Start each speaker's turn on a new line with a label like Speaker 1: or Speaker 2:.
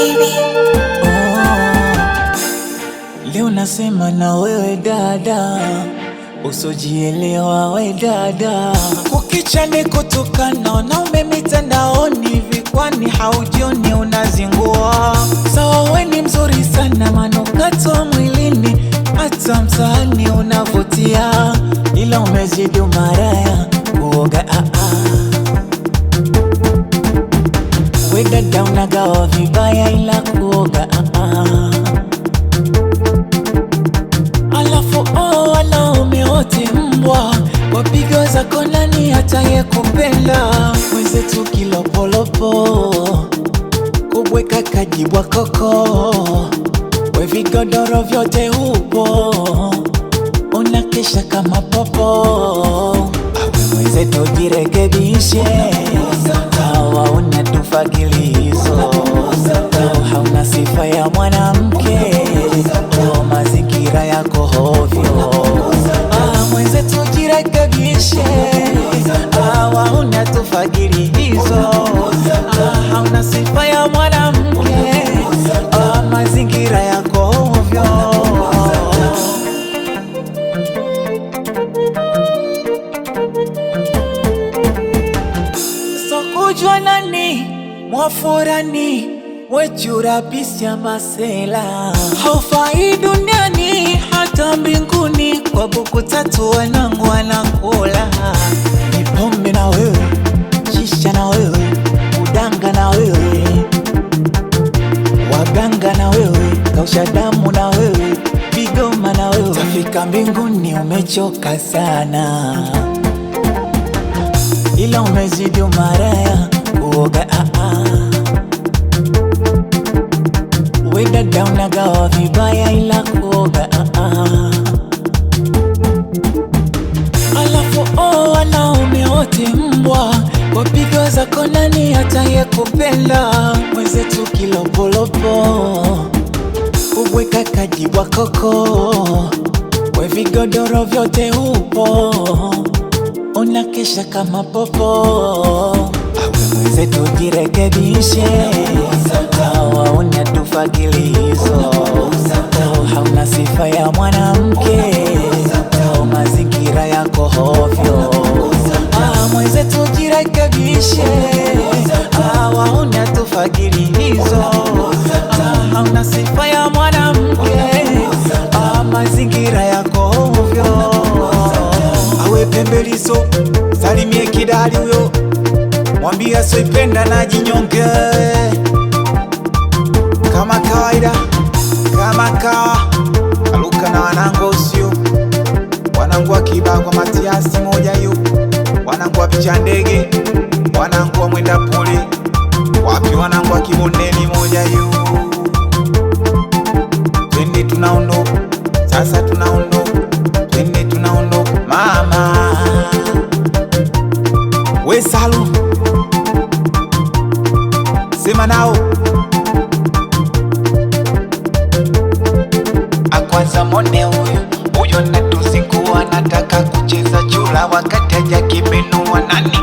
Speaker 1: baby oh.
Speaker 2: Leo nasema na wewe dada, usojielewa we dada,
Speaker 3: kukicha ni kutukana, wanaume mitandaoni, vikwani haujioni, unazingua
Speaker 4: sawa. We ni mzuri sana, manukato mwilini, hata msaani unavutia, ila umezidi umaraya kuoga ah, ah. we dada unagawa vibaya ila kuoga uh Alafu oh, wanaume wote mbwa wapigo za konani hata yekupenda
Speaker 2: mwenzetu kilopolopo kubweka kajibwa koko we vigodoro vyote hupo unakesha kama popo mwenzetu jirekebishe kawauna mfagilizo hauna sifa ya mwanamke, o mazingira yako hovyo. Ah, mwenzetu jirekagishe, awauna ah, tufagilizo, ah, hauna sifa ya mwanamke, o ah, mazingira yako hovyo.
Speaker 5: So kujua nani mwafurani wechurapisya masela haufai duniani hata mbinguni kwa buku tatu wanangu wanakula
Speaker 6: nipombe na wewe shisha na wewe udanga na wewe waganga na wewe kausha damu na wewe vigoma na wewe
Speaker 7: tafika mbinguni umechoka sana ila umezidi umaraya uoga dada unagawa vibaya ila kuoga uh -uh. Alafu oh, wanaume wote mbwa kwa wapigo zako hata ye kupenda mwenzetu kilopolopo ubweka kajibwa koko we vigodoro vyote upo unakesha kama popo
Speaker 2: awe mwenzetu jirekebishe magilizo, hauna sifa ya mwanamke, mazingira yako hovyo. Ah, ah, ah, hauna sifa ya mwanamke, mazingira yako hovyo.
Speaker 8: Awe salimie kidali huyo, mwambia soipenda na jinyonge tiasi moja yu wanangu picha ndege, wanangu mwenda puli, wapi wanangu kibondeni moja yu. Twende tunaondoka sasa, tunaondoka twende tunaondoka mama we Salu, sema nao
Speaker 9: akwanza mone huyu huyo, natusikuwa nataka kula wakati hajakimenua nani